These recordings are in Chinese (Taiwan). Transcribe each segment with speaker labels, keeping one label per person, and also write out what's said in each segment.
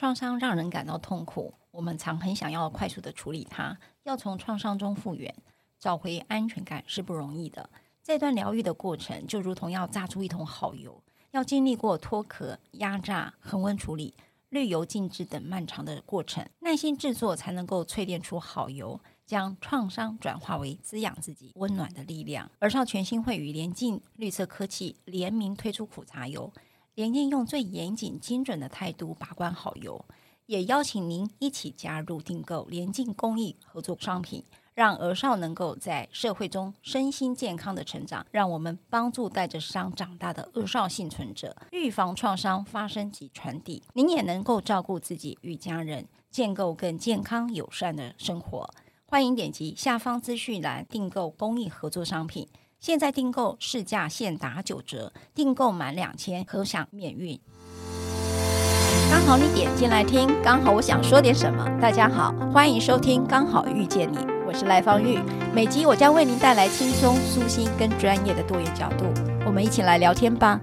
Speaker 1: 創傷讓人感到痛苦，我們常很想要快速的處理它，要從創傷中復原，找回安全感是不容易的。這段療癒的過程就如同要榨出一桶好油，要經歷過脫殼、壓榨、恆溫處理、濾油、靜置等漫長的過程，耐心制作才能夠淬煉出好油，將創傷轉化為滋養自己、溫暖的力量。兒少權心會與連淨綠色科技聯名推出苦茶油。連淨用最嚴謹、精準的態度把關好油，也邀請您一起加入訂購連淨公益合作商品，讓兒少能夠在社會中身心健康的成長，讓我們幫助帶着傷長大的兒少幸存者，預防創傷發生及傳遞。您也能夠照顧自己與家人，建構更健康、友善的生活。歡迎點擊下方資訊欄訂購公益合作商品。現在訂購市價現打九折，訂購滿兩千可享免運。剛好你點進來聽，剛好我想說點什麼。大家好，歡迎收聽《剛好遇見你》，我是賴芳玉。每集我將為您帶來輕鬆、舒心跟專業的多元角度，我們一起來聊天吧。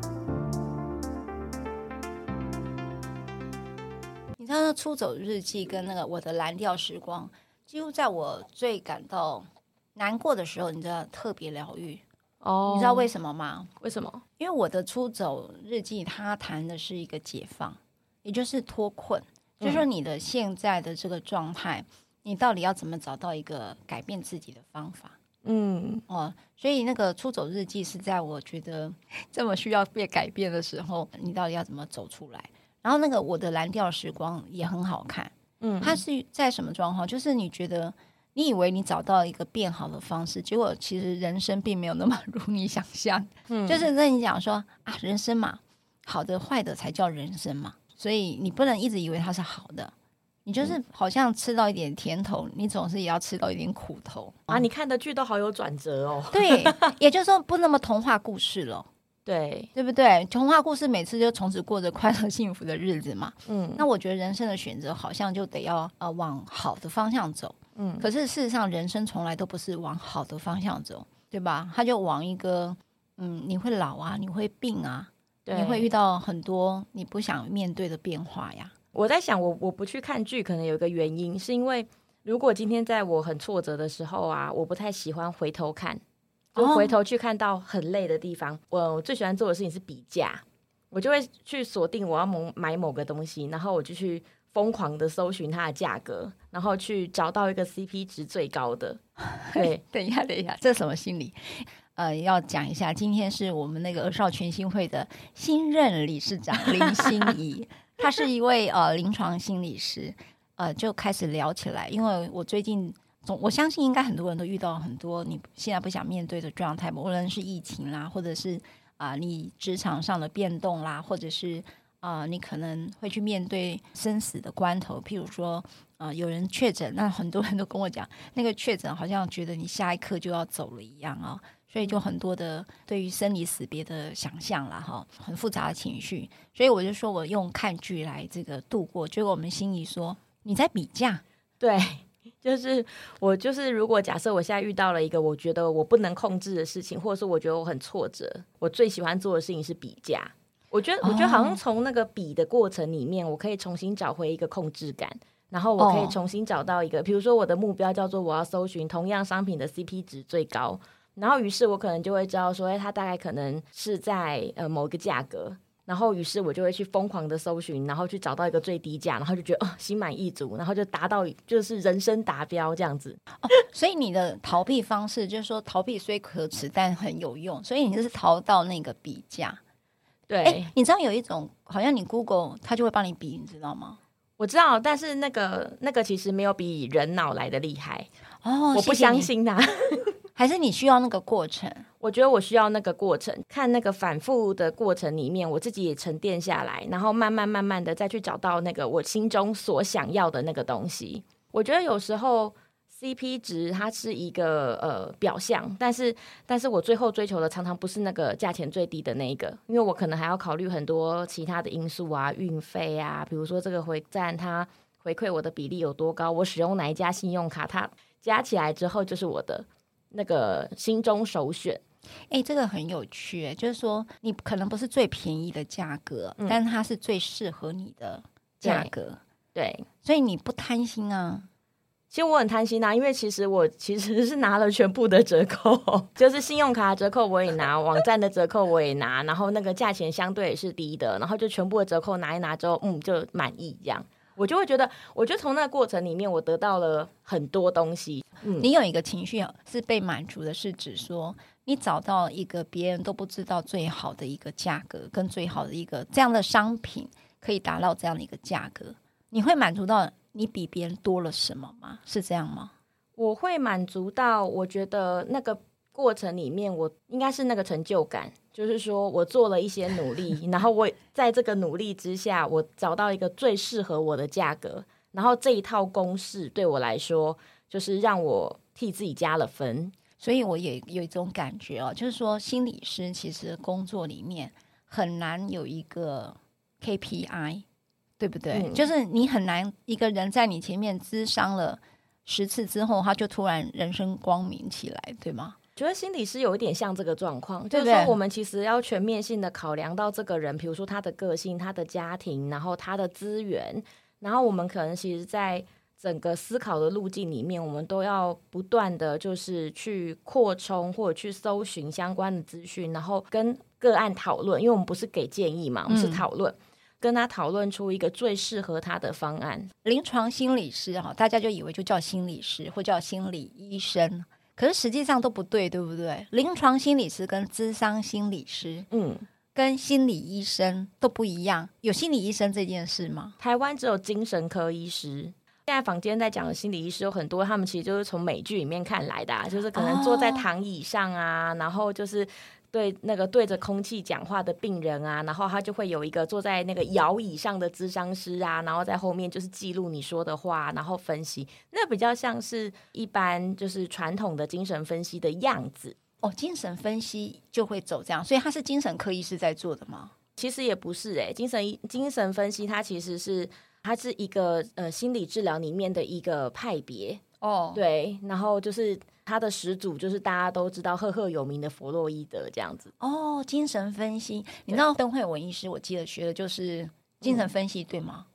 Speaker 1: 你知道那《出走日記》跟那個《我的藍調時光》，幾乎在我最感到難過的時候，你知道特別療癒。哦，oh, 你知道為什麼嗎？為什麼？因為我的出走日記，它談的是一個解放，也就是脫困，嗯、就是說你的現在的這個狀態，你到底要怎麼找到一個改變自己的方法？嗯，哦，所以那個出走日記是在我覺得這麼需要被改變的時候，你到底要怎麼走出來？然後那個我的藍調時光也很好看，嗯，它是在什麼狀況？就是你覺得。你以為你找到一個變好的方式，結果其實人生並沒有那麼如你想象。嗯，就是那你講說啊，人生嘛，好的壞的才叫人生嘛，所以你不能一直以為它是好的。你就是好像吃到一點甜頭，你總是也要吃到一點苦頭、嗯、啊！你
Speaker 2: 看的劇都好有轉折哦， 對，
Speaker 1: 也就是說不那麼童話故事了，對對不對？童話故事每次就從此過着快樂幸福的日子嘛，嗯。那我覺得人生的選擇好像就得要呃往好的方向走。嗯，可是事實上，人生從來都不是往好的方向走，對吧？他就往一個，嗯，你會老啊，你會病啊，對你會遇到很多你不想面對的變化呀。我在想
Speaker 2: 我，我我不去看劇，可能有一個原因，是因為如果今天在我很挫折的時候啊，我不太喜歡回頭看，我、就是、回頭去看到很累的地方。我、哦、我最喜歡做的事情是比價，我就會去鎖定我要某買某個東西，然後我就去瘋狂的搜尋它的價格。然後去找到一個 CP 值最高的。
Speaker 1: 對，等一下，等一下，這是什麼心理？呃，要講一下，今天是我們那個兒少權心會的新任理事長林欣儀，她 是一位呃臨床心理師。呃，就開始聊起來，因為我最近總我相信應該很多人都遇到了很多你現在不想面對的狀態，無論是疫情啦，或者是啊、呃、你職場上的變動啦，或者是啊、呃、你可能會去面對生死的關頭，譬如說。啊、呃，有人確診，那很多人都跟我講，那個確診好像覺得你下一刻就要走了一樣啊、哦，所以就很多的對於生離死別的想象了哈、哦，很複雜的情緒。所以我就說我用看劇來這個度過。結果我們欣儀說：「你在比價？」對，就是我就是如果假設我
Speaker 2: 現在遇到了一個我覺得我不能控制的事情，或者說我覺得我很挫折，我最喜歡做的事情是比價。我覺得我覺得好像從那個比的過程裡面，我可以重新找回一個控制感。然後我可以重新找到一個，oh. 比如說我的目標叫做我要搜尋同樣商品的 CP 值最高，然後於是我可能就會知道說，哎，它大概可能是在呃某個價格，然後於是我就會去瘋狂的搜尋，然後去找到一個最低價，然後就
Speaker 1: 覺得哦，心滿意足，然後就達到就是人生達標這樣子。哦，oh, 所以你的逃避方式就是說逃避雖可恥，但很有用，所以你就是逃到那個比價。對，哎，你知道有一種好像你 Google 它就會幫你比，你知道嗎？我
Speaker 2: 知道，但是那個那個其實沒有比人腦來的厲害
Speaker 1: 哦，我不相信
Speaker 2: 它。還是你需要那個過程？ 我覺得我需要那個過程，看那個反覆的過程裡面，我自己也沉澱下來，然後慢慢慢慢的再去找到那個我心中所想要的那個東西。我覺得有時候。CP 值它是一個呃表象，但是但是我最後追求的常常不是那個價錢最低的那一個，因為我可能還要考慮很多其他的因素啊，運費啊，比如說這個回占它回饋我的比例有多高，我使用哪一家信用卡，它加起來之後就是我的
Speaker 1: 那個心中首選。誒、欸，這個很有趣，就是說你可能不是最便宜的價格，嗯、但是它是最適合你的價格。對，對，所以你不貪心啊。其實我很貪心吶、啊，因為其實我其實是
Speaker 2: 拿了全部的折扣，就是信用卡的折扣我也拿，網站的折扣我也拿，然後那個價錢相對也是低的，然後就全部的折扣拿一拿之後，嗯，就滿意這樣。我
Speaker 1: 就會覺得，我覺得從那個過程裡面，我得到了很多東西。嗯、你有一個情緒是被滿足的，是指說你找到一個別人都不知道最好的一個價格，跟最好的一個這樣的商品可以達到這樣的一個價格，你會滿足到。你比別人多了什麼嗎？是這樣嗎？
Speaker 2: 我會滿足到，我覺得那個過程裡面，我應該是那個成就感，就是說我做了一些努力， 然後我在這個努力之下，我找到一個最適合我的價格，然後這一套公式對我來說，就是讓我替自己加了
Speaker 1: 分。所以我也有一種感覺哦，就是說心理師其實工作裡面很難有一個 KPI。對不對？嗯、就是你很難一個人在你前面諮商了十次之後，他就突然人生光明起來，對嗎？
Speaker 2: 覺得心理是有一點像這個狀況，對對，就是說我們其實要全面性的考量到這個人，比如說他的個性、他的家庭，然後他的資源，然後我們可能其實，在整個思考的路徑裡面，我們都要不斷的，就是去擴充或者去搜尋相關的資訊，然後跟個案討論，因為我們不是給建議嘛，我們、嗯、是討論。跟他討論出一個最適合他的方
Speaker 1: 案。臨床心理師哈，大家就以為就叫心理師或叫心理醫生，可是實際上都不對，對不對？臨床心理師跟諮商心理師，嗯，跟心理醫生都不一樣。有心理醫生這件事嗎？台灣只有精神
Speaker 2: 科醫師。現在坊間在講的心理醫師有很多，他們其實就是從美劇裡面看來的，就是可能坐在躺椅上啊，哦、然後就是。對那個對着空氣講話的病人啊，然後他就會有一個坐在那個搖椅上的諮商師啊，然後在後面就是記錄你說的話，然後分析，那比較像是一般就是傳統的精神分析的樣子哦。精神分析就會走這樣，所以他是精神科醫師在做的嗎？其實也不是哎、欸，精神精神分析它其實是它是一個呃心理治療裡面的一個派別哦，對，然後就是。他的始祖就是大家都知道赫赫有名的弗洛伊德這樣子
Speaker 1: 哦，精神分析。對你知道鄧惠文醫師，我記得學的就是精神分析，嗯、對嗎？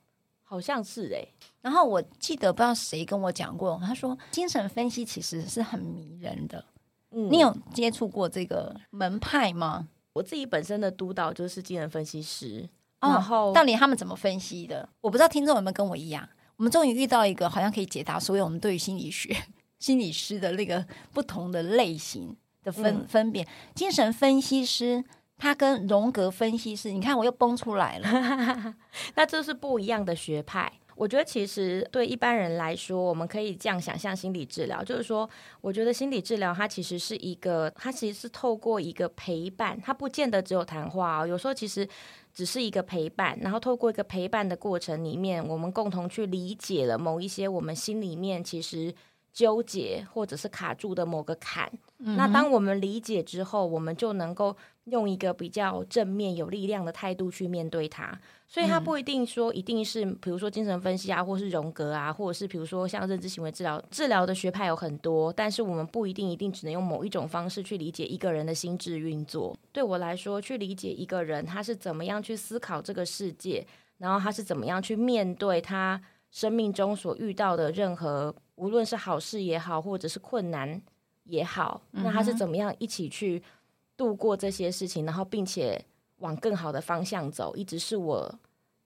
Speaker 1: 好像是哎、欸。然後我記得不知道誰跟我講過，他說精神分析其實是很迷人的。嗯，你有接觸過這個門派嗎？我自己本身的督
Speaker 2: 導就是精神分析師，
Speaker 1: 然後到底、哦、他們怎麼分析的？我不知道聽眾有沒有跟我一樣，我們終於遇到一個好像可以解答所有我們對於心理學。心理師的那個不同的類型的分分辨，精神分析師他跟榮格分析師，你看我又蹦出來了。 那這是不一樣的學派。我
Speaker 2: 覺得其實對一般人來說，我們可以這樣想象心理治療，就是說，我覺得心理治療它其實是一個，它其實是透過一個陪伴，它不見得只有談話哦。有時候其實只是一個陪伴，然後透過一個陪伴的過程裡面，我們共同去理解了某一些我們心裡面其實，糾結或者是卡住的某個坎，嗯哼。那當我們理解之後，我們就能夠用一個比較正面有力量的態度去面對它。所以，它不一定說一定是，比如說精神分析啊，或是榮格啊，或者是比如說像認知行為治療治療，的學派有很多，但是我們不一定一定只能用某一種方式去理解一個人的心智運作。對我來說，去理解一個人他是怎麼樣去思考這個世界，然後他是怎麼樣去面對他生命中所遇到的任何，無論是好事也好，或者是困難也好，嗯、哼那他是怎麼樣一起去度過這些事情，然後並且往更好的方向走，一直是我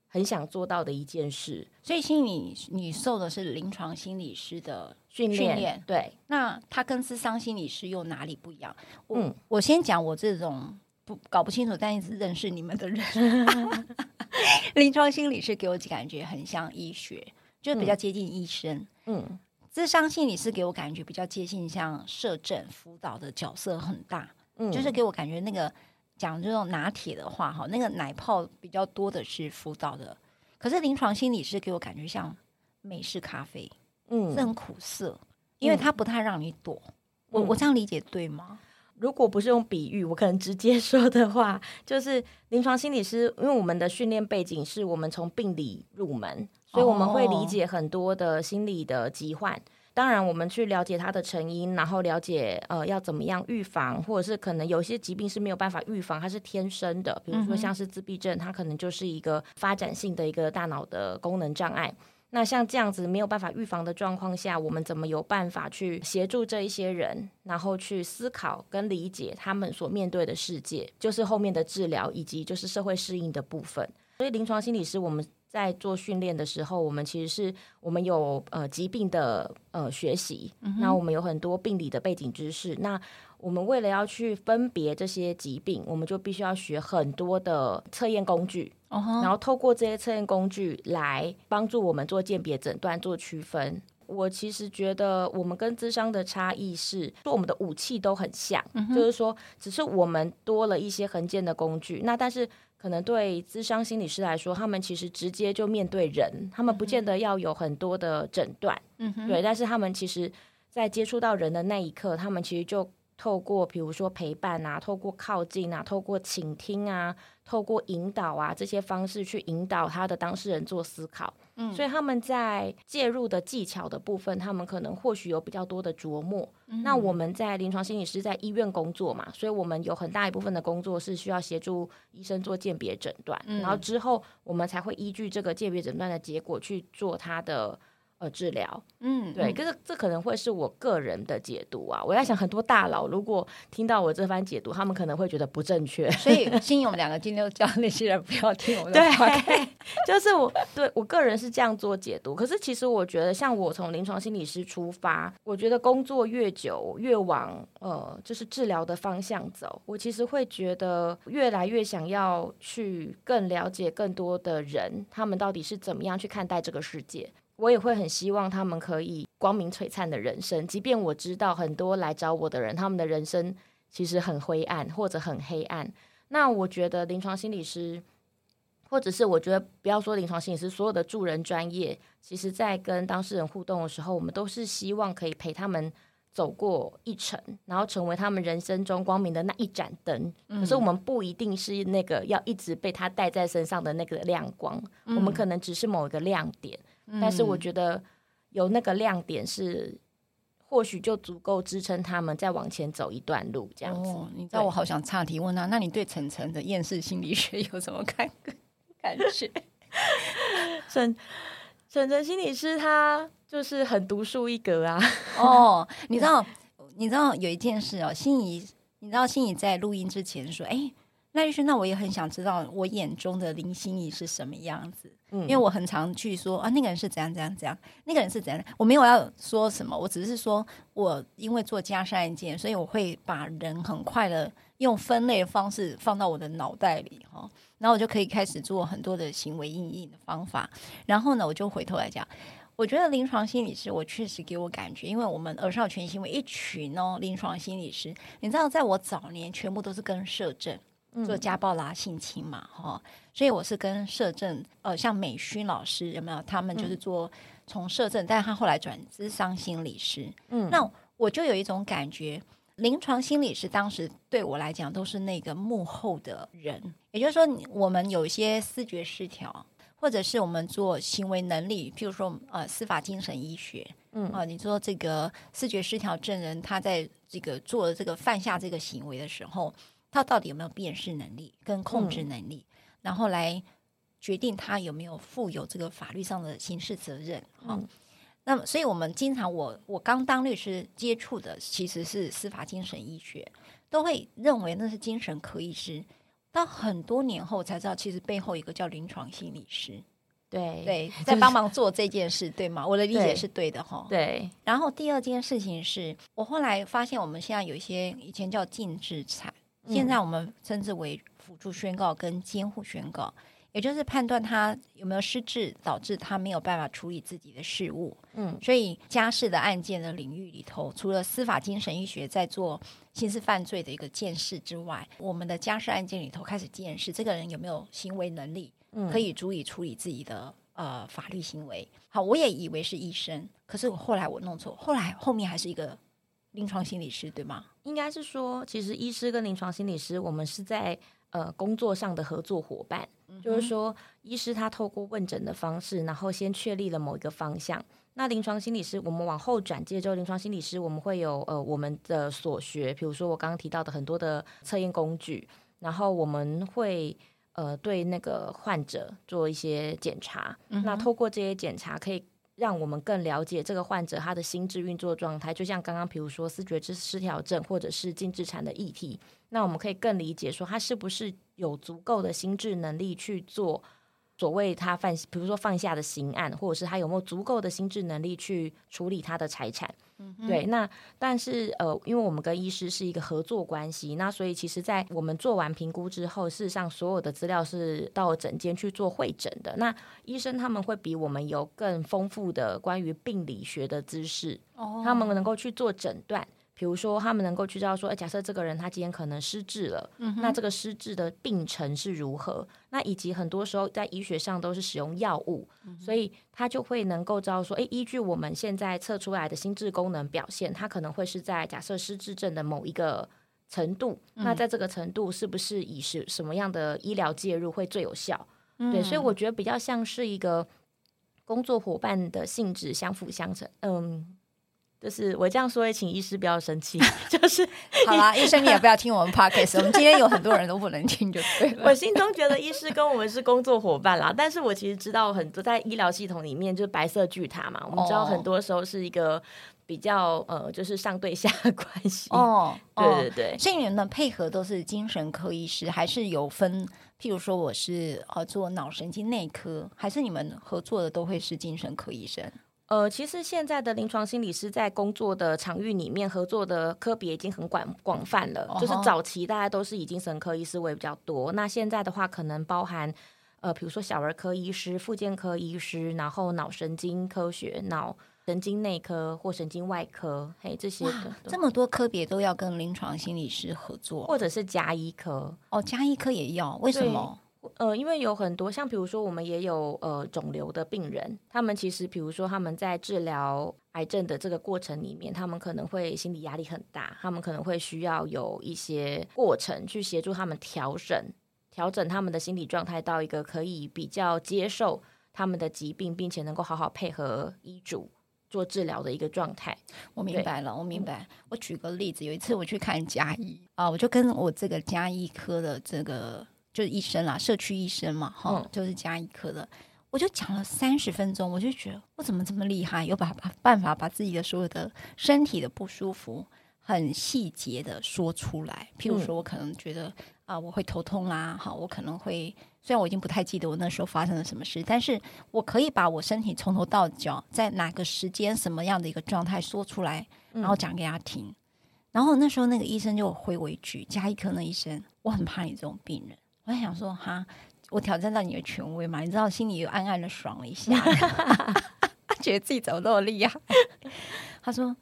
Speaker 2: 很想做到的一件事。
Speaker 1: 所以心理，你受的是臨床心理師的訓練，嗯、訓練對？那他跟諮商心理師又哪裡不一樣？我、嗯、我先講我這種不搞不清楚，但是認識你們的人， 臨床心理師給我感覺很像醫學，就是比較接近醫生，嗯。嗯是，諮商心理師給我感覺比較接近像攝政輔導的角色很大，嗯，就是給我感覺那個講這種拿鐵的話，哈，那個奶泡比較多的是輔導的。可是臨床心理師給我感覺像美式咖啡，嗯，是很苦澀，因為他不太讓你躲。嗯，我我這樣理解對嗎？如果不是用比喻，我可能直接說的話，就是
Speaker 2: 臨床心理師，因為我們的訓練背景是我們從病理入門。所以我們會理解很多的心理的疾患，oh. 當然我們去了解它的成因，然後了解呃要怎麼樣預防，或者是可能有些疾病是沒有辦法預防，它是天生的，比如說像是自閉症，它可能就是一個發展性的一個大腦的功能障礙。那像這樣子沒有辦法預防的狀況下，我們怎麼有辦法去協助這一些人，然後去思考跟理解他們所面對的世界，就是後面的治療以及就是社會適應的部分。所以臨床心理師我們。在做訓練的時候，我們其實是我們有呃疾病的呃學習，嗯、哼那我們有很多病理的背景知識。那我們為了要去分別這些疾病，我們就必須要學很多的測驗工具，哦、哼然後透過這些測驗工具來幫助我們做鑑別診斷、做區分。我其實覺得我們跟諮商的差異是，說我們的武器都很像，嗯、哼就是說只是我們多了一些衡鑑的工具。那但是。可能對諮商心理師來說，他們其實直接就面對人，他們不見得要有很多的診斷，嗯哼，對，但是他們其實，在接觸到人的那一刻，他們其實就透過，比如說陪伴啊，透過靠近啊，透過傾聽啊。透過引導啊，這些方式去引導他的當事人做思考，嗯、所以他們在介入的技巧的部分，他們可能或許有比較多的琢磨。嗯、那我們在臨床心理師在醫院工作嘛，所以我們有很大一部分的工作是需要協助醫生做鑑別診斷，嗯、然後之後我們才會依據這個鑑別診斷的結果去做他的。呃，治療，嗯，
Speaker 1: 對，可是
Speaker 2: 這可能會是我個人的解讀啊。我在想，很多大佬如果聽到我這番解讀，他們可能會覺得不正確。所以，欣儀，我們兩個今
Speaker 1: 天都叫那些人不要聽我的話。
Speaker 2: 就是我對我個人是這樣做解讀。可是，其實我覺得，像我從臨床心理師出發，我覺得工作越久，越往呃，就是治療的方向走。我其實會覺得越來越想要去更了解更多的人，他們到底是怎麼樣去看待這個世界。我也會很希望他們可以光明璀璨的人生，即便我知道很多來找我的人，他們的人生其實很灰暗或者很黑暗。那我覺得臨床心理師，或者是我覺得不要說臨床心理師，所有的助人專業，其實在跟當事人互動的時候，我們都是希望可以陪他們走過一程，然後成為他們人生中光明的那一盞燈。嗯、可是我們不一定是那個要一直被他帶在身上的那個亮光，嗯、我們可能只是某一個亮點。但是我覺得有那個亮點是，或許就足夠支撐他們
Speaker 1: 再往前走一段路這樣子、哦。你知道我好想岔提問啊？那你對晨晨的厭世心理學有什麼感感覺？沈沈 晨，晨，晨，晨心理師他就是很獨樹一格啊。哦，你知道對你知道有一件事哦，欣儀你知道欣儀在錄音之前說，哎。那於是，那我也很想知道我眼中的林欣儀是什麼樣子。嗯，因為我很常去說啊，那個人是怎樣怎樣怎樣，那個人是怎樣、怎樣。我沒有要說什麼，我只是說我因為做家事案件，所以我會把人很快的用分類的方式放到我的腦袋裡哦、喔，然後我就可以開始做很多的行為因應的方法。然後呢，我就回頭來講，我覺得臨床心理師，我確實給我感覺，因為我們兒少權心會為一群哦、喔，臨床心理師，你知道，在我早年全部都是跟社政。做家暴啦、性侵嘛，哈、嗯，所以我是跟社政，呃，像美勳老師有沒有？他們就是做從社政，嗯，但是他後來轉諮商心理師。嗯，那我就有一種感覺，臨床心理師當時對我來講都是那個幕後的人，也就是說，我們有一些思覺失調，或者是我們做行為能力，譬如說，呃，司法精神醫學，嗯，啊，你說這個思覺失調證人，他在這個做這個犯下這個行為的時候他到底有沒有辨識能力跟控制能力？嗯、然後來決定他有沒有負有這個法律上的刑事責任。哈、嗯哦，那麼，所以我們經常我我剛當律師接觸的其實是司法精神醫學，都會認為那是精神科醫師。到很多年後才知道，其實背後一個叫臨床心理師，對對，對在幫忙做這件事，就是，對嗎？我的理解是對的哈。對。對，然後第二件事情是我後來發現，我們現在有一些以前叫禁治產。現在我們稱之為輔助宣告跟監護宣告，也就是判斷他有沒有失智，導致他沒有辦法處理自己的事務。嗯，所以家事的案件的領域裡頭，除了司法精神醫學在做刑事犯罪的一個鑑識之外，我們的家事案件裡頭開始見識這個人有沒有行為能力，可以足以處理自己的呃法律行為。好，我也以為是醫生，可是我後來我弄錯，後來後面還是一個。臨床心理師對嗎？
Speaker 2: 應該是說，其實醫師跟臨床心理師，我們是在呃工作上的合作夥伴。嗯、哼就是說，醫師他透過問診的方式，然後先確立了某一個方向。那臨床心理師，我們往後轉接之後，臨床心理師我們會有呃我們的所學，比如說我剛剛提到的很多的測驗工具，然後我們會呃對那個患者做一些檢查。嗯、哼那透過這些檢查，可以。讓我們更了解這個患者他的心智運作狀態，就像剛剛，比如說思覺失調症或者是禁治產的議題，那我們可以更理解說他是不是有足夠的心智能力去做所謂他犯，比如說犯下的刑案，或者是他有沒有足夠的心智能力去處理他的財產。嗯、對，那但是呃，因為我們跟醫師是一個合作關係，那所以其實，在我們做完評估之後，事實上所有的資料是到診間去做會診的。那醫生他們會比我們有更豐富的關於病理學的知識，他們能夠去做診斷。哦比如說，他們能夠去知道說，哎，假設這個人他今天可能失智了，嗯、哼那這個失智的病程是如何？那以及很多時候在醫學上都是使用藥物，嗯、哼所以他就會能夠知道說，哎，依據我們現在測出來的心智功能表現，他可能會是在假設失智症的某一個程度，嗯、那在這個程度是不是以是什麼樣的醫療介入會最有效？
Speaker 1: 嗯、對，所以我
Speaker 2: 覺得比較像是一個工作夥伴的性質相輔相成，嗯。就是我這樣說，也請醫師不要生氣， 就
Speaker 1: 是好啦、啊， 醫生你也不要聽我們 podcast， 我們今天有很多人都不能聽就對
Speaker 2: 了。 我心中覺得醫師跟我們是工作夥伴啦， 但是我其實知道很多在醫療系統裡面就是白色巨塔嘛，我們知道很多時候是一個比較呃就是上對下的關係哦，對對對，所以你
Speaker 1: 們的配合都是精神科醫師，還是有分，譬如說我是呃做腦神經內科，還是你們合作的都會是精神科醫生？呃，其實現在的臨床心理師在工作的場域裡面合作的科
Speaker 2: 別已經很廣廣泛了。就是早期大家都是以精神科醫師為比較多，那現在的話可能包含呃，比如說小兒科醫師、復健科醫師，然後腦神經科學、腦神經內科或神經外科，嘿，這些。哇對這麼多科別
Speaker 1: 都要跟臨床心理師合作，或
Speaker 2: 者是家醫科哦，家醫科也要？為什麼？呃，因為有很多像，比如說我們也有呃腫瘤的病人，他們其實比如說他們在治療癌症的這個過程裡面，他們可能會心理壓力很大，他們可能會需要有一些過程去協助他們調整，調整他們的心理狀態到一個可以比較接受他們的疾病，並且能夠好好配合
Speaker 1: 醫囑做治療的一個狀態。我明白了，對我明白。我舉個例子，有一次我去看家醫啊，我就跟我這個家醫科的這個。就是醫生啦，社區醫生嘛，哈，嗯、就是家醫科的。我就講了三十分鐘，我就覺得我怎麼這麼厲害，有把辦法把自己的所有的身體的不舒服很細節的說出來。譬如說我可能覺得、嗯、啊，我會頭痛啦，哈，我可能會雖然我已經不太記得我那時候發生了什麼事，但是我可以把我身體從頭到腳在哪個時間什麼樣的一個狀態說出來，然後講給他聽。嗯、然後那時候那個醫生就回我一句：“家醫科那醫生，我很怕你這種病人。”我想說哈，我挑戰到你的權威嘛？你知道，我心裡又暗暗的爽了一下， 他覺得自己怎麼那麼厲害？ 他說：“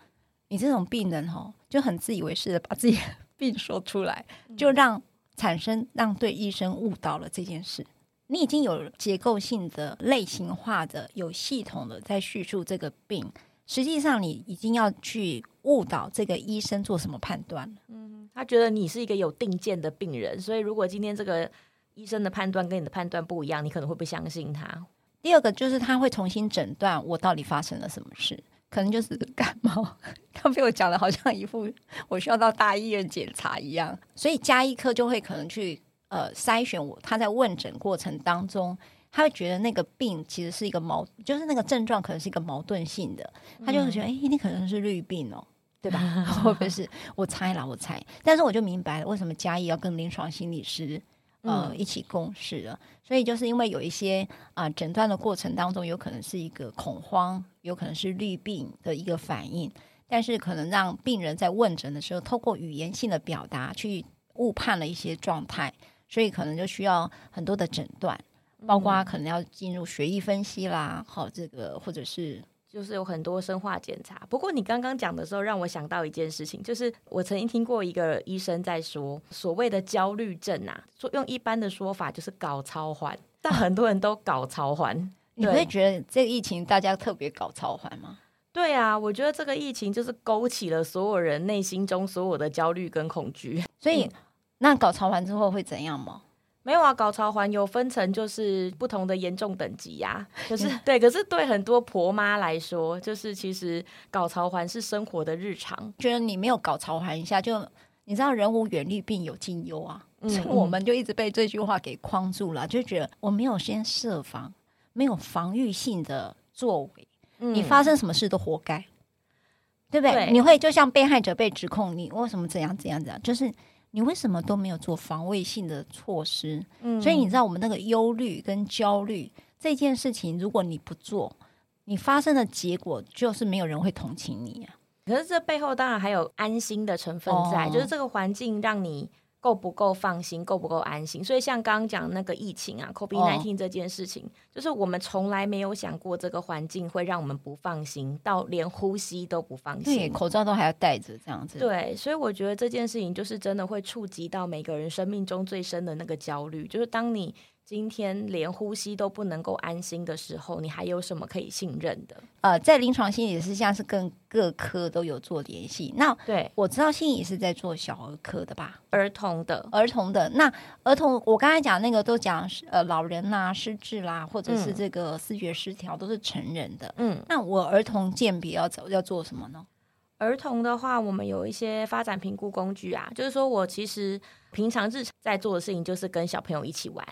Speaker 1: 你這種病人哦，就很自以為是的把自己的病說出來，就讓產生讓對醫生誤導了這件事。你已經有結構性的、類型化的、有系統的在敘述這個病，實際上你已經要去。”誤導這個醫生做什麼判斷？嗯，
Speaker 2: 他覺得你是一個有定見的病人，所以如果今天這個醫生的判斷跟你的判斷不一樣，你可能會不相信他。
Speaker 1: 第二個就是他會重新診斷我到底發生了什麼事，可能就是感冒。他被我講得好像一副我需要到大醫院檢查一樣，所以家醫科就會可能去呃篩選我。他在問診過程當中，他會覺得那個病其實是一個矛，就是那個症狀可能是一個矛盾性的，他就會覺得哎，一定、嗯、可能是慮病哦。對吧？我不、 哦就是，我猜啦，我猜。但是我就明白了，為什麼家醫要跟臨床心理師呃一起共事了。嗯、所以就是因為有一些啊，診、呃、斷的過程當中，有可能是一個恐慌，有可能是慮病的一個反應，但是可能讓病人在問診的時候，透過語言性的表達去誤判了一些狀態，所以可能就需要很多的診斷，嗯、包括可能要進入血液分析啦，好，這個或者是。
Speaker 2: 就是有很多生化檢查。不過你剛剛講的時候，讓我想到一件事情，就是我曾經聽過一個醫生在說，所謂的焦慮症啊，說用一般的說法就
Speaker 1: 是搞操煩，但很多人都搞操煩。你會覺得這個疫情大家特別搞操煩嗎？
Speaker 2: 對啊，我覺得這個疫情就是勾起了所有人內心中所有的焦慮跟恐懼。所以，嗯、
Speaker 1: 那搞操煩之後會怎樣嗎？沒有啊，搞
Speaker 2: 潮環有分成，就是不同的嚴重等級呀、啊。可、就是對，可是對很多婆媽
Speaker 1: 來說，就是其實搞潮環是生活的日常。覺得你沒有搞潮環一下，就你知道人無遠慮，必有近憂啊。嗯、所以我們就一直被這句話給框住了，就覺得我沒有先設防，沒有防禦性的作為，嗯、你發生什麼事都活該，對不對？對你會就像被害者被指控你為什麼怎樣怎樣怎樣，就是。你為什麼都沒有做防衛性的措施？嗯、所以你知道我們那個憂慮跟焦慮這件事情，如果你不做，你發生的結果就是沒有人會同情你。啊、可是這背後當然還有安心的成
Speaker 2: 分在，哦、就是這個環境讓你。夠不夠放心，夠不夠安心？所以像剛剛講的那個疫情啊，COVID-19、oh. 這件事情，就是我們從來沒有想過這個環境會讓我們不放心，到連呼吸都不放心，口罩
Speaker 1: 都還要戴着這樣子。對，
Speaker 2: 所以我覺得這件事情就是真的會觸及到每個人生命中最深的那個焦慮，就是當你。今天連呼吸都不能夠安心的時候，你還有什麼可以信任的？
Speaker 1: 呃，在臨床心理是像是跟各科都有做聯繫。那對，我知道心理是在做小兒科的吧？兒童的，兒童的。那兒童，我剛才講那個都講呃老人吶、失智啦，或者是這個思覺失調、嗯、都是成人的。嗯，那我兒童鑑別要走要做什麼呢？兒童的話，我們有一些發展
Speaker 2: 評估工具啊。就是說我其實平常日常在做的事情，就是跟小朋友一起玩。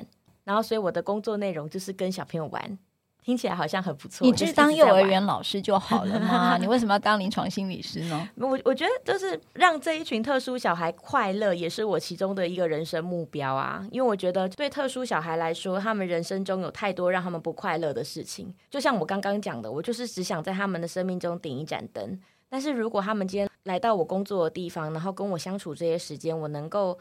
Speaker 2: 然後，所以我的工作內容就是跟小朋友玩，聽起來好像很不錯。你就是當幼兒園
Speaker 1: 老師就好了嘛？ 你為什麼要當臨床心理師呢？
Speaker 2: 我我覺得就是讓這一群特殊小孩快樂，也是我其中的一個人生目標啊。因為我覺得對特殊小孩來說，他們人生中有太多讓他們不快樂的事情。就像我剛剛講的，我就是只想在他們的生命中點一盞燈。但是如果他們今天來到我工作的地方，然後跟我相處這些時間，我能夠。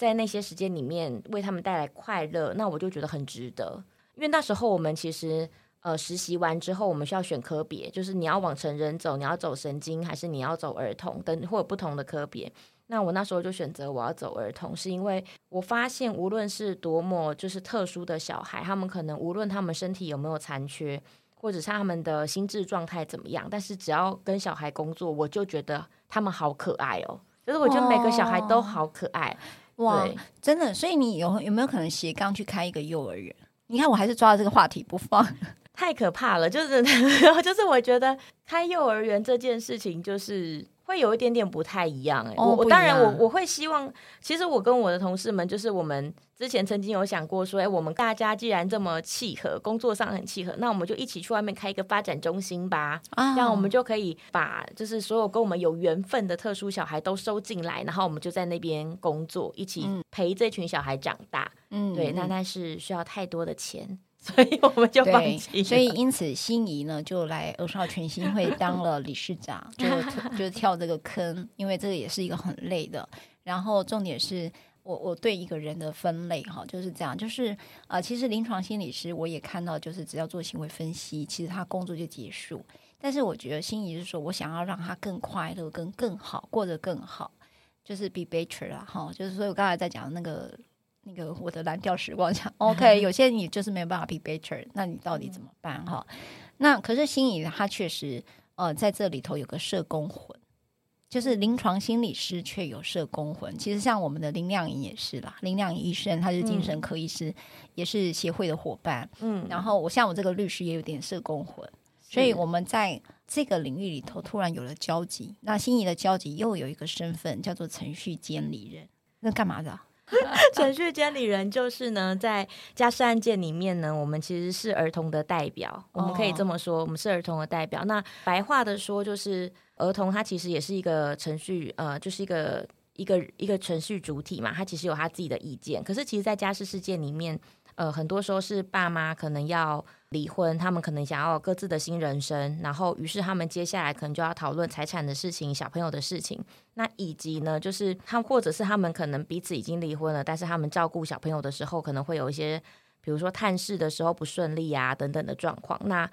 Speaker 2: 在那些時間裡面為他們帶來快樂，那我就覺得很值得。因為那時候我們其實呃實習完之後，我們需要選科別，就是你要往成人走，你要走神經，還是你要走兒童等，或者不同的科別。那我那時候就選擇我要走兒童，是因為我發現無論是多麼就是特殊的小孩，他們可能無論他們身體有沒有殘缺，或者是他們的心智狀態怎麼樣，但是只要跟小孩工作，我就覺得他們好可愛哦、喔。就是我覺得每個小孩都好可愛。哦
Speaker 1: 哇，對真的！所以你有有沒有可能斜槓去開一個幼兒園？哦，你看，我還是抓着這個話題不放，太可怕了！就是， 就
Speaker 2: 是我覺得開幼兒園這件事情就是。會有一點點不太一樣哎、欸，oh, 我我當然我我會希望，其實我跟我的同事們，就是我們之前曾經有想過說，哎、欸，我們大家既然這麼契合，工作上很契合，那我們就一起去外面開一個發展中心吧，oh. 這樣我們就可以把就是所有跟我們有緣分的特殊小孩都收進來，然後我們就在那邊工作，一起陪這群小孩長大。嗯、
Speaker 1: mm，hmm. 對，那那
Speaker 2: 是需要太多的錢。所以我們就放棄，所以因
Speaker 1: 此，欣儀呢就來兒少權心會當了理事長， 就就跳這個坑，因為這個也是一個很累的。然後重點是我我對一個人的分類哈，就是這樣，就是呃，其實臨床心理師我也看到，就是只要做行為分析，其實他工作就結束。但是我覺得欣儀是說我想要讓他更快樂、更更好，過得更好，就是 be better 啦哈。就是所以我剛才在講的那個。那個我的藍調時光，講 OK， 有些你就是沒有辦法 b be better，那你到底怎麼辦哈？嗯、那可是欣儀。她確實，呃，在這裡頭有個社工魂，就是臨床心理師卻有社工魂。其實像我們的林亮穎也是啦，林亮穎醫生他是精神科醫師，嗯、也是協會的夥伴。嗯，然後我像我這個律師也有點社工魂，的所以我們在這個領域裡頭突然有了交集。那欣儀的交集又有一個身份叫做程序監理人，嗯、那幹嘛的？
Speaker 2: 程序監理人就是呢，在家事案件裡面呢，我們其實是兒童的代表，oh. 我們可以這麼說，我們是兒童的代表。那白話的說，就是兒童他其實也是一個程序，呃，就是一個一個一個程序主體嘛，他其實有他自己的意見。可是，其實在家事事件裡面。呃，很多時候是爸媽可能要離婚，他們可能想要各自的新人生，然後於是他們接下來可能就要討論財產的事情、小朋友的事情，那以及呢，就是他或者是他們可能彼此已經離婚了，但是他們照顧小朋友的時候，可能會有一些，比如說探視的時候不順利啊等等的狀況。那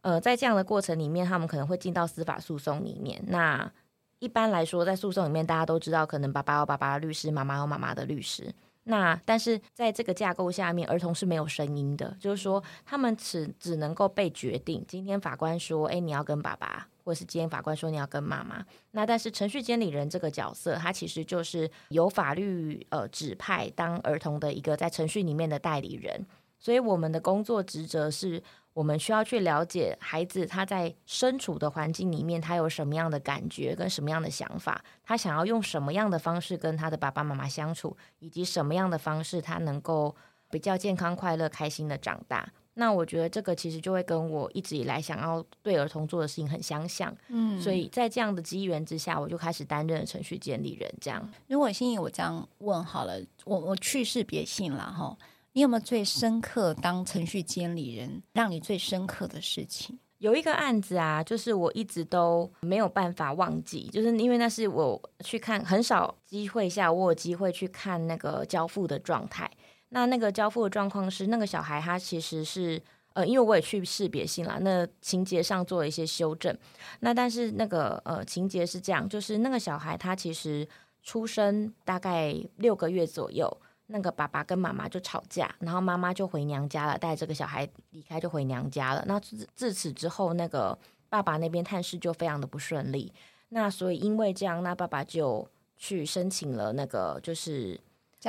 Speaker 2: 呃，在這樣的過程裡面，他們可能會進到司法訴訟裡面。那一般來說，在訴訟裡面，大家都知道，可能爸爸有爸爸的律師，媽媽有媽媽的律師。那但是在這個架構下面，兒童是沒有聲音的，就是說他們只只能夠被決定。今天法官說，哎，你要跟爸爸，或是今天法官說你要跟媽媽。那但是程序監理人這個角色，他其實就是由法律呃指派當兒童的一個在程序裡面的代理人。所以我們的工作職責是，我們需要去了解孩子他在身處的環境裡面，他有什麼樣的感覺跟什麼樣的想法，他想要用什麼樣的方式跟他的爸爸媽媽相處，以及什麼樣的方式他能夠比較健康、快樂、開心的長大。那我覺得這個其實就會跟我一直以來想要對兒童做的事情很相像。嗯，所以在這樣的機緣之下，我就開始擔任程序監理人。
Speaker 1: 這樣，如果欣儀我這樣問好了，我我去世別信了哈。吼你有沒有最深刻當程序監理人，讓你最深刻的事情？有一個案
Speaker 2: 子啊，就是我一直都沒有辦法忘記，就是因為那是我去看，很少機會下，我有機會去看那個交付的狀態。那那個交付的狀況是，那個小孩他其實是呃，因為我也去識別性了，那情節上做了一些修正。那但是那個呃，情節是這樣，就是那個小孩他其實出生大概六個月左右。那個爸爸跟媽媽就吵架，然後媽媽就回娘家了，帶這個小孩離開，就回娘家了。那自自此之後，那個爸爸那邊探視就非常的不順利。那所以因為這樣，那爸爸就去申請了那個就是。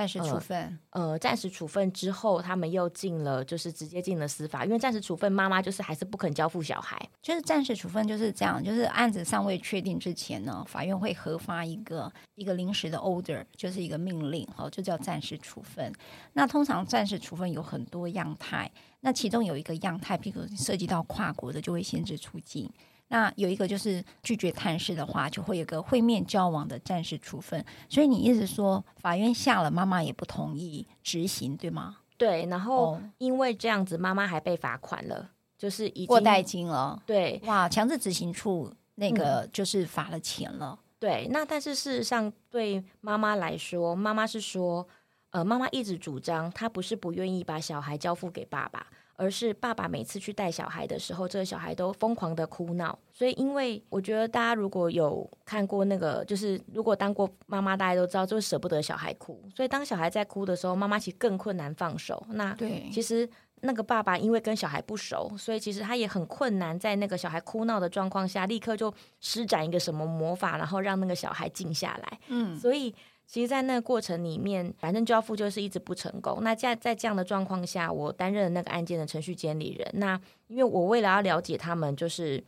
Speaker 2: 暫時處分，呃，呃，暫時處分之後，他們又進了，就是直接進了司法，因為暫時處分，媽媽就是還是不肯交付小孩，
Speaker 1: 就是暫時處分就是這樣，就是案子尚未確定之前呢，法院會核發一個一個臨時的 order，就是一個命令，哈、哦，就叫暫時處分。那通常暫時處分有很多樣態，那其中有一個樣態，譬如涉及到跨國的，就會限制出境。那有一個就是拒絕探視的話，就會有一個會面交往的暫時處分。所以你意思說，法院下了，媽媽也不同意執行，對嗎？
Speaker 2: 對，然後因為這樣子，媽媽還被罰款了，就是已經課怠金
Speaker 1: 了。對，哇，強制執行處那個就是罰了錢了。嗯，
Speaker 2: 對，那但是事實上，對媽媽來說，媽媽是說，呃，媽媽一直主張，她不是不願意把小孩交付給爸爸。而是爸爸每次去帶小孩的時候，這個小孩都瘋狂的哭鬧。所以，因為我覺得大家如果有看過那個，就是如果當過媽媽，大家都知道，就舍不得小孩哭。所以，當小孩在哭的時候，媽媽其實更困難放手。那對，其實那個爸爸因為跟小孩不熟，所以其實他也很困難，在那個小孩哭鬧的狀況下，立刻就施展一個什麼魔法，然後讓那個小孩靜下來。嗯，所以。其實，在那個過程裡面，反正交付就是一直不成功。那在在這樣的狀況下，我擔任了那個案件的程序監理人。那因為我為了要了解他們，就是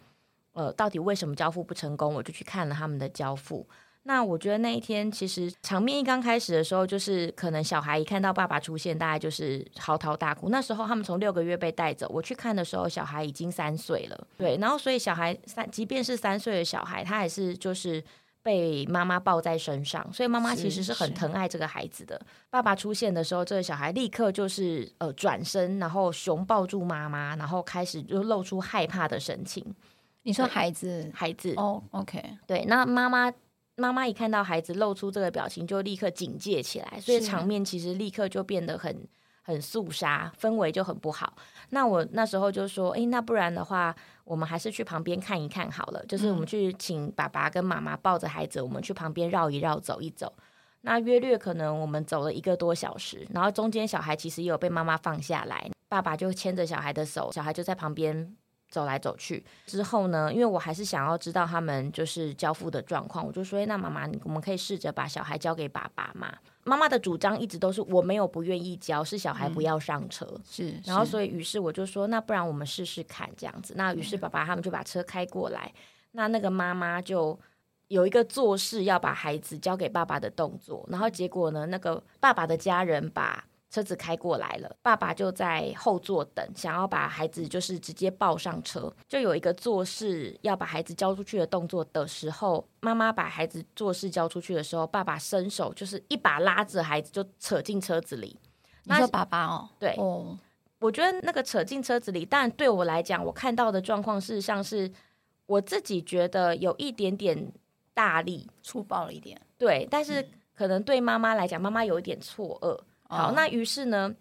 Speaker 2: 呃，到底為什麼交付不成功，我就去看了他們的交付。那我覺得那一天，其實場面一剛開始的時候，就是可能小孩一看到爸爸出現，大概就是嚎啕大哭。那時候他們從六個月被帶走，我去看的時候，小孩已經三歲了。對，然後所以小孩三，即便是三歲的小孩，他還是就是。被媽媽抱在身上，所以媽媽其實是很疼愛這個孩子的。爸爸出現的時候，這個小孩立刻就是呃轉身，然後熊抱住媽媽，然後開始就露出害怕的神情。你說孩子，孩子哦，OK，對，那媽媽，媽媽一看到孩子露出這個表情，就立刻警戒起來，所以場面其實立刻就變得很。很肅殺，氛圍就很不好。那我那時候就說，誒、欸，那不然的話，我們還是去旁邊看一看好了。就是我們去請爸爸跟媽媽抱着孩子，我們去旁邊繞一繞，走一走。那約略可能我們走了一個多小時，然後中間小孩其實也有被媽媽放下來，爸爸就牽着小孩的手，小孩就在旁邊走來走去。之後呢，因為我還是想要知道他們就是交付的狀況，我就說，欸、那媽媽，我們可以試着把小孩交給爸爸嗎？媽媽的主張一直都是我沒有不願意交，是小孩不要上車，嗯、是，是然後所以於是我就說，那不然我們試試看這樣子。那於是爸爸他們就把車開過來，嗯、那那個媽媽就有一個作勢要把孩子交給爸爸的動作，然後結果呢，那個爸爸的家人把。車子開過來了，爸爸就在後座等，想要把孩子就是直接抱上車。就有一個作勢要把孩子交出去的動作的時候，媽媽把孩子作勢交出去的時候，爸爸伸手就是一把拉着孩子就扯進車子裡。那你說爸爸哦，對，哦，我覺得那個扯進車子裡，但對我來講，我看到的狀況是像是我自己覺得有一點點大力粗暴了一點，對，但是可能對媽媽來講，媽媽有一點錯愕。Oh. 好，那於是呢，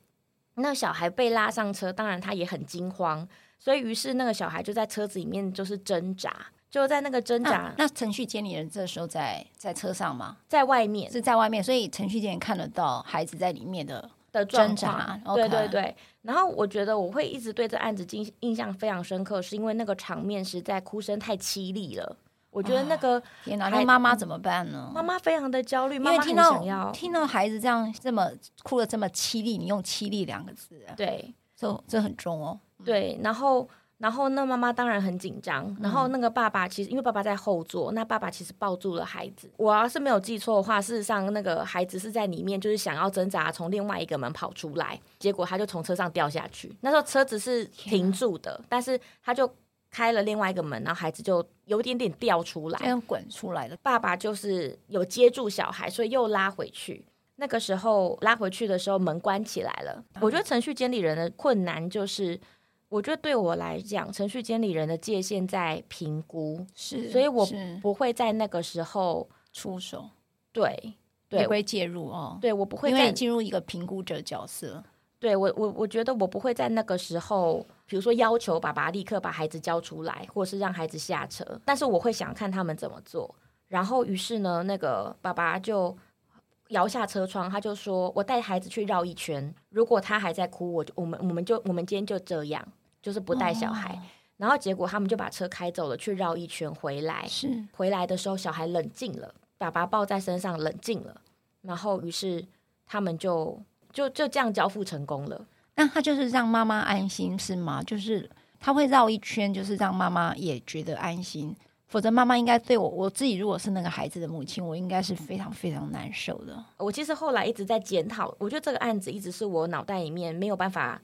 Speaker 2: 那小孩被拉上車，當然他也很驚慌，所以於是那個小孩就在車子裡面就是
Speaker 1: 掙扎，就在那個掙扎、啊。那程序監理人這時候在在車上嗎？在外面，是在外面，所以程序監理看得到孩子在裡面的的掙扎。Okay. 對對對。
Speaker 2: 然後我覺得我會一直對這案子印印象非常深刻，是因為那個場面實在哭聲太淒厲了。我覺得那個、
Speaker 1: 啊、天哪，那媽媽怎麼辦呢？媽媽非常的焦慮，媽媽很想要因為聽到聽到孩子這樣這麼哭得這麼淒厲，你用淒厲兩個字，對，這這很重哦。
Speaker 2: 對，然後然後那媽媽當然很緊張，然後那個爸爸其實、嗯、因為爸爸在後座，那爸爸其實抱住了孩子。我要是沒有記錯的話，事實上那個孩子是在裡面，就是想要掙扎從另外一個門跑出來，結果他就從車上掉下去。那時候車子是停住的，哪但是他就。開了另外一個門，然後孩子就有一點點掉出來，這樣滾出來的。爸爸就是有接住小孩，所以又拉回去。那個時候拉回去的時候，門關起來了。啊，我覺得程序監理人的困難就是，我覺得對我來講，程序監理人的界限在評
Speaker 1: 估，是，所以我不會在那個時候出手，對，也會介入哦。對，我不會在因為進入一個評估者角色，對我，我我
Speaker 2: 覺得我不會在那個時候。比如說，要求爸爸立刻把孩子交出來，或者是讓孩子下車。但是我會想看他們怎麼做。然後，於是呢，那個爸爸就搖下車窗，他就說：“我帶孩子去繞一圈。如果他還在哭，我就我們我們就我們今天就這樣，就是不帶小孩。哦”然後結果他們就把車開走了，去繞一圈回來。是回來的時候，小孩冷靜了，爸爸抱在身上冷
Speaker 1: 靜了。然後，於是他們就就就這樣交付成功了。那他就是讓媽媽安心是嗎？就是他會繞一圈，就是讓媽媽也覺得安心。否則媽媽應該對我，我自己如果是那個孩子的母親，我應該是非常非常難受的。
Speaker 2: 我其實後來一直在檢討，我覺得這個案子一直是我腦袋裡面沒有辦法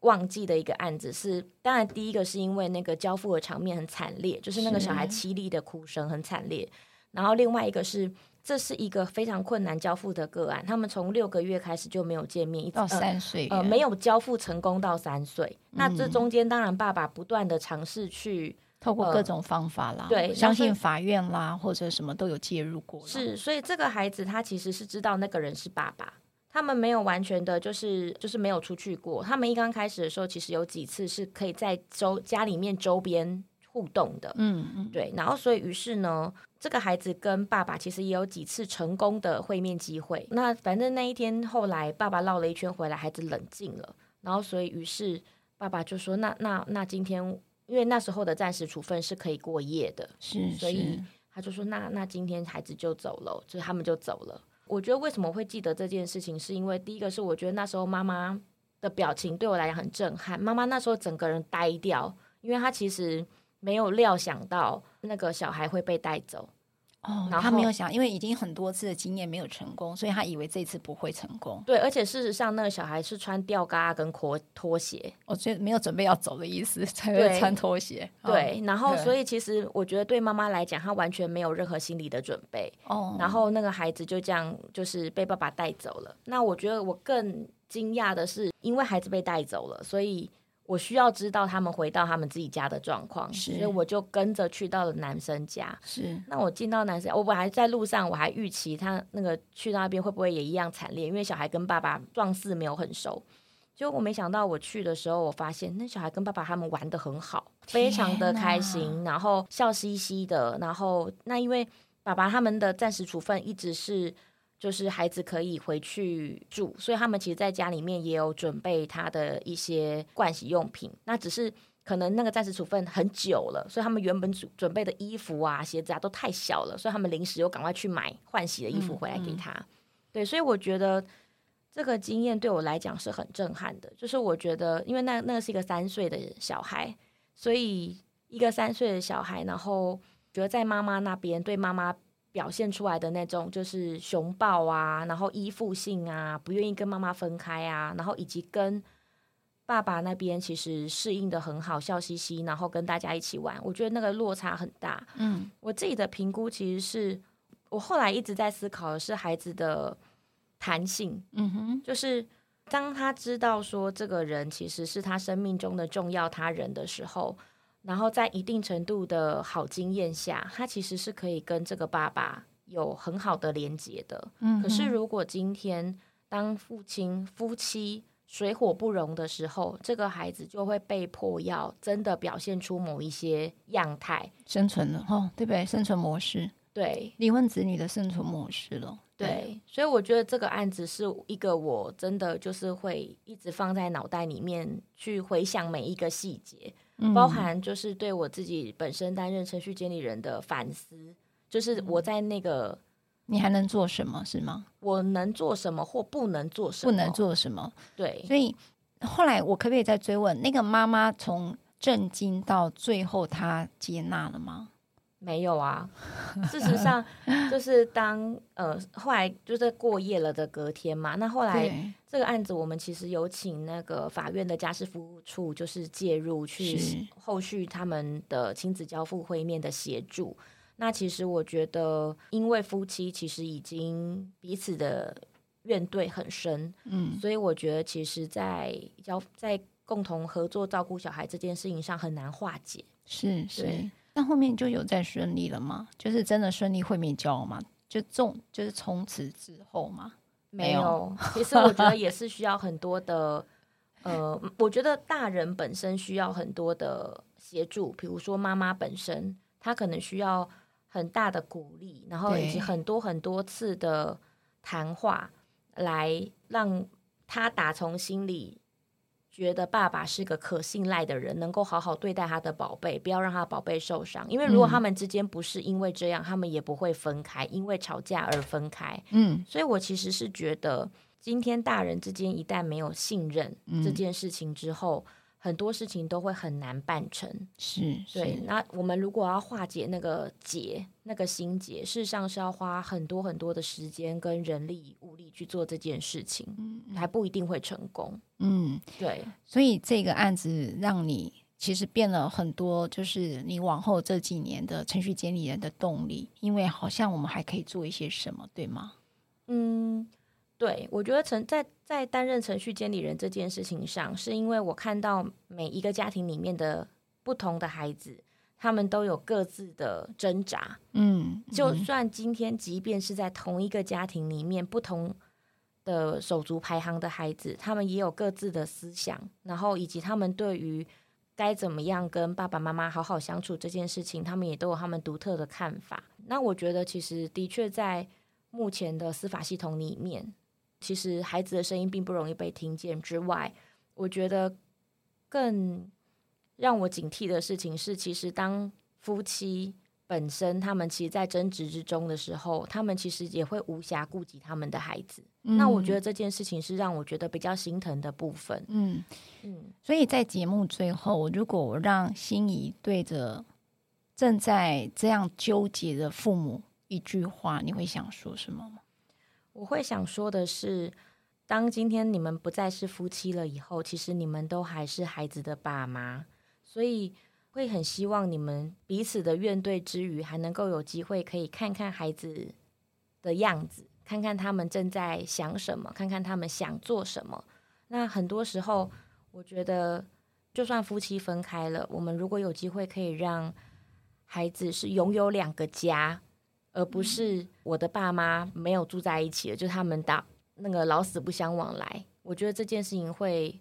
Speaker 2: 忘記的一個案子。是當然第一個是因為那個交付的場面很慘烈，就是那個小孩淒厲的哭聲很慘烈。然後另外一個是，這是一個非常困難交付的個案。他們從六個月開始就沒有見面，一直到三歲呃，呃，沒有交付成功到三歲。嗯、那這中間當然爸爸不斷的嘗試去透過各種
Speaker 1: 方法啦，呃、對，相信法院啦或者什麼都有介入過是。是，所
Speaker 2: 以這個孩子他其實是知道那個人是爸爸，他們沒有完全的就是就是沒有出去過。他們一剛開始的時候，其實有幾次是可以在周家裡面周邊互動的，嗯嗯，對。然後所以於是呢。這個孩子跟爸爸其實也有幾次成功的會面機會。那反正那一天後來爸爸繞了一圈回來，孩子冷靜了，然後所以於是爸爸就說：“那那那今天，因為那時候的暫時處分是可以過夜的，是，是，所以他就說：那那今天孩子就走了，就是他們就走了。我覺得為什麼會記得這件事情，是因為第一個是我覺得那時候媽媽的表情對我來講很震撼，媽媽那時候整個人呆掉，因為她其實沒有料
Speaker 1: 想到。”那個小孩會被帶走，哦，然後他沒有想，因為已經很多次的經驗沒有成功，所以他以為這次不會成功。
Speaker 2: 對，而且事實上，那個小孩是穿吊嘎跟拖
Speaker 1: 拖鞋，我覺得沒有準備要走的意思，才會穿拖鞋。對，哦，對，然後所以
Speaker 2: 其實我覺得對媽媽來講，她完全沒有任何心理的準備。哦，然後那個孩子就這樣就是被爸爸帶走了。那我覺得我更驚訝的是，因為孩子被帶走了，所以。我需要知道他們回到他們自己家的狀況，是所以我就跟着去到了男生家。是，那我進到男生家，我不還在路上，我還預期他那個去到那邊會不會也一樣慘烈，因為小孩跟爸爸狀似沒有很熟。結果我沒想到，我去的時候，我發現那小孩跟爸爸他們玩得很好，非常的開心，哪然後笑嘻嘻的。然後，那因為爸爸他們的暫時處分一直是，就是孩子可以回去住，所以他們其實在家裡面也有準備他的一些盥洗用品。那只是可能那個暫時處分很久了，所以他們原本準準備的衣服啊、鞋子啊都太小了，所以他們臨時又趕快去買換洗的衣服回來給他。嗯嗯對，所以我覺得這個經驗對我來講是很震撼的。就是我覺得，因為那那個是一個三歲的小孩，所以一個三歲的小孩，然後覺得在媽媽那邊對媽媽。表現出來的那種就是熊抱啊，然後依附性啊，不願意跟媽媽分開啊，然後以及跟爸爸那邊其實適應得很好，笑嘻嘻，然後跟大家一起玩。我覺得那個落差很大。嗯，我自己的評估其實是我後來一直在思考的是孩子的彈性。嗯哼，就是當他知道說這個人其實是他生命中的重要他人的時候。然後在一定程度的好經驗下，他其實是可以跟這個爸爸有很好的連接的。嗯
Speaker 1: 哼。可是如
Speaker 2: 果今天當父親夫妻水火不容的時候，這個孩子就會被迫要真的表現出某一些樣態
Speaker 1: 生存了，哦，對不對？生存模式，對離婚子女的生存模式了。對，對
Speaker 2: 所以我覺得這個案子是一個，我真的就是會一直放在腦袋裡面去回想每一個細節。包含就是對我自己本身擔任程序監理人的反思，就是我在那個，
Speaker 1: 你還能做什麼是嗎？
Speaker 2: 我能做什麼或不能做什麼？不能做什麼？對。
Speaker 1: 所以後來我可不可以再追問，那個媽媽從震驚到最後，她接納了嗎？
Speaker 2: 沒有啊，事實上，就是當 呃後來就是過夜了的隔天嘛，那後來這個案子我們其實有請那個法院的家事服務處就是介入去後續他們的親子交付會面的協助。是那其實我覺得，因為夫妻其實已經彼此的怨對很深，嗯，所以我覺得其實在交在共同合作照顧小孩這件事情上很難化解，
Speaker 1: 是是。那後面就有再順利了嗎？就是真的順利會面交嗎？就中就是從此之後嗎？沒有，沒有，其實我覺得
Speaker 2: 也是需要很多的， 呃，我覺得大人本身需要很多的協助，比如說媽媽本身，她可能需要很大的鼓勵，然後以及很多很多次的談話，來讓她打從心裡。覺得爸爸是個可信賴的人，能夠好好對待他的寶貝，不要讓他的寶貝受傷。因為如果他們之間不是因為這樣，嗯、他們也不會分開，因為吵架而分開。嗯，所以我其實是覺得，今天大人之間一旦沒有信任這件事情之後。嗯很多事情都會很難辦成，是對。是那我們如果要化解那個結、那個心結，事實上是要花很多很多的時間跟人力物力去做這件事情，嗯、還不一定會成功。
Speaker 1: 嗯，對。所以這個案子讓你其實變了很多，就是你往後這幾年的程序監理人的動力，因為好像我們還可以做一些什麼，對嗎？嗯。
Speaker 2: 對，我覺得在在擔任程序監理人這件事情上，是因為我看到每一個家庭裡面的不同的孩子，他們都有各自的掙扎。嗯，
Speaker 1: 就算
Speaker 2: 今天，即便是在同一個家庭裡面，不同的手足排行的孩子，他們也有各自的思想，然後以及他們對於該怎麼樣跟爸爸媽媽好好相處這件事情，他們也都有他們獨特的看法。那我覺得，其實的確在目前的司法系統裡面。其實孩子的聲音並不容易被聽見，之外，我覺得更讓我警惕的事情是，其實當夫妻本身他們其實，在爭執之中的時候，他們其實也會無暇顧及他們的孩子。嗯、那我覺得這件事情是讓我覺得比較心疼的部分。嗯嗯。
Speaker 1: 嗯，所以在節目最後，如果我讓欣儀對着正在這樣糾結的父母一句話，你會想說什麼嗎？
Speaker 2: 我會想說的是，當今天你們不再是夫妻了以後，其實你們都還是孩子的爸媽，所以會很希望你們彼此的怨懟之餘，還能夠有機會可以看看孩子的樣子，看看他們正在想什麼，看看他們想做什麼。那很多時候，我覺得就算夫妻分開了，我們如果有機會可以讓孩子是擁有兩個家。而不是我的爸媽沒有住在一起了，嗯、就是他們打那個老死不相往來。我覺得這件事情會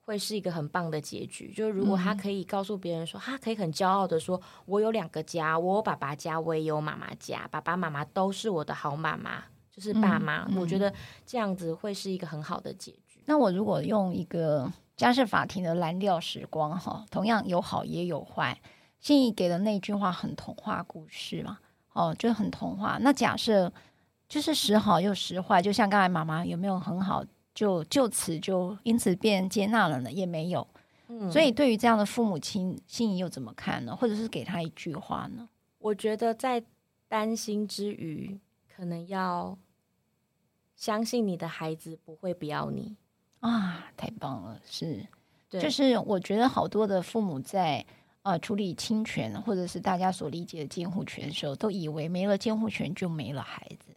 Speaker 2: 會是一個很棒的結局。就是如果他可以告訴別人說，嗯、他可以很驕傲的說，我有兩個家，我有爸爸家，我也有媽媽家，爸爸媽媽都是我的好媽媽，就是爸媽。嗯嗯、我覺得這樣子會是一個很好的結
Speaker 1: 局。那我如果用一個家事法庭的藍調時光哈，同樣有好也有壞。欣儀給的那句話很童話故事嘛。哦，就很童話。那假設就是時好又時壞，就像剛才媽媽有沒有很好，就就此就因此變接納了呢？也沒有。
Speaker 2: 嗯，所以
Speaker 1: 對於這樣的父母親，欣儀又怎麼看呢？或者是給他一句話呢？
Speaker 2: 我覺得在擔心之餘，可能要
Speaker 1: 相信你的孩子不會不要你啊！太棒了，是。對，就是我覺得好多的父母在。啊，處理親權或者是大家所理解的監護權的時候，都以為沒了監護權就沒了孩子，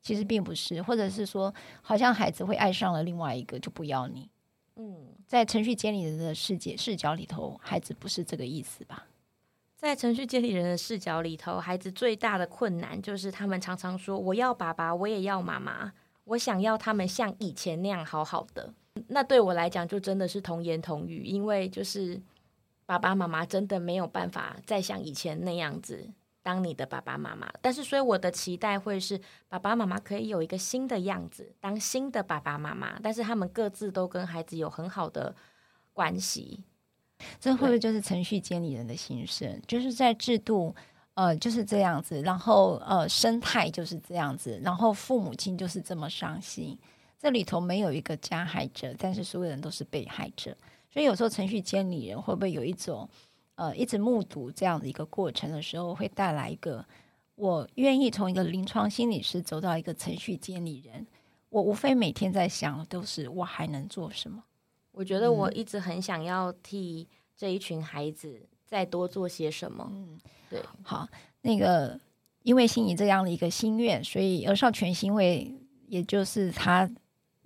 Speaker 1: 其實並不是，或者是說，好像孩子會愛上了另外一個就不要你。嗯，在程序監理人的世界視角裡頭，孩子不是這個意思吧？在程序監理人
Speaker 2: 的視角裡頭，孩子最大的困難就是他們常常說：“我要爸爸，我也要媽媽，我想要他們像以前那樣好好的。”那對我來講，就真的是童言童語，因為就是。爸爸媽媽真的沒有辦法再像以前那樣子當你的爸爸媽媽，但是所以我的期待會是爸爸媽媽可以有一個新的樣子，當新的爸爸媽媽，但是他們各自都跟孩子有很好的
Speaker 1: 關係。這會不會就是程序監理人的心聲？對就是在制度呃就是這樣子，然後呃生態就是這樣子，然後父母親就是這麼傷心。這裡頭沒有一個加害者，但是所有人都是被害者。所以有時候程序監理人會不會有一種，呃，一直目睹這樣的一個過程的時候，會帶來一個我願意從一個臨床心理師走到一個程序監理人，我無非每天在想都是我還能做什麼？我覺得我一
Speaker 2: 直很想要替這一群孩子再多做些什麼。嗯，對，
Speaker 1: 好，那個因為欣儀這樣的一個心願，所以兒少權心會也就是他。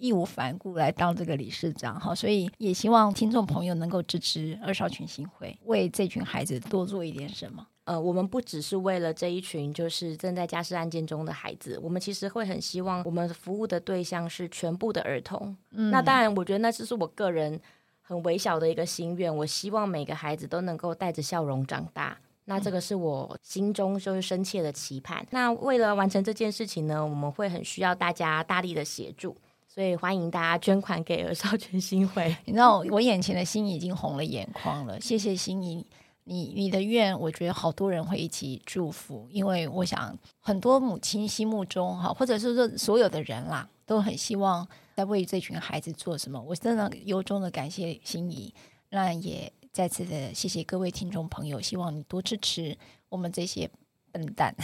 Speaker 1: 義無反顧來當這個理事長，好，所以也希望聽眾朋友能夠支持兒少權心會，為這群孩子多做一點什麼。呃，我
Speaker 2: 們不只是為了這一群就是正在家事案件中的孩子，我們其實會很希望我們服務的對象是全部的兒童。嗯，那當然，我覺得那只是我個人很微小的一個心願。我希望每個孩子都能夠帶着笑容長大，那這個是我心中就是深切的期盼。那為了完成這件事情呢，我們會很需要大家
Speaker 1: 大力的協助。所以歡迎大家捐款給兒少權心會。你知道，我眼前的欣儀，已經紅了眼眶了。謝謝欣儀，你你的願，我覺得好多人會一起祝福，因為我想很多母親心目中哈，或者是說，說所有的人啦，都很希望在為這群孩子做什麼。我真的由衷的感謝欣儀，那也再次的謝謝各位聽眾朋友，希望你多支持我們這些。笨蛋，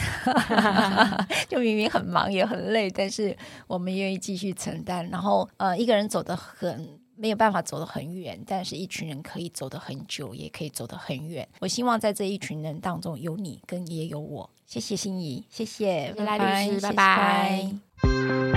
Speaker 1: 就明明很忙也很累，但是我們願意繼續承擔，然後，呃，一個人走得很沒有辦法走得很遠，但是一群人可以走得很久，也可以走得很遠。我希望在這一群人當中有你，跟你也有我。謝謝欣儀，謝謝芳玉拜律師，拜拜。謝謝拜拜。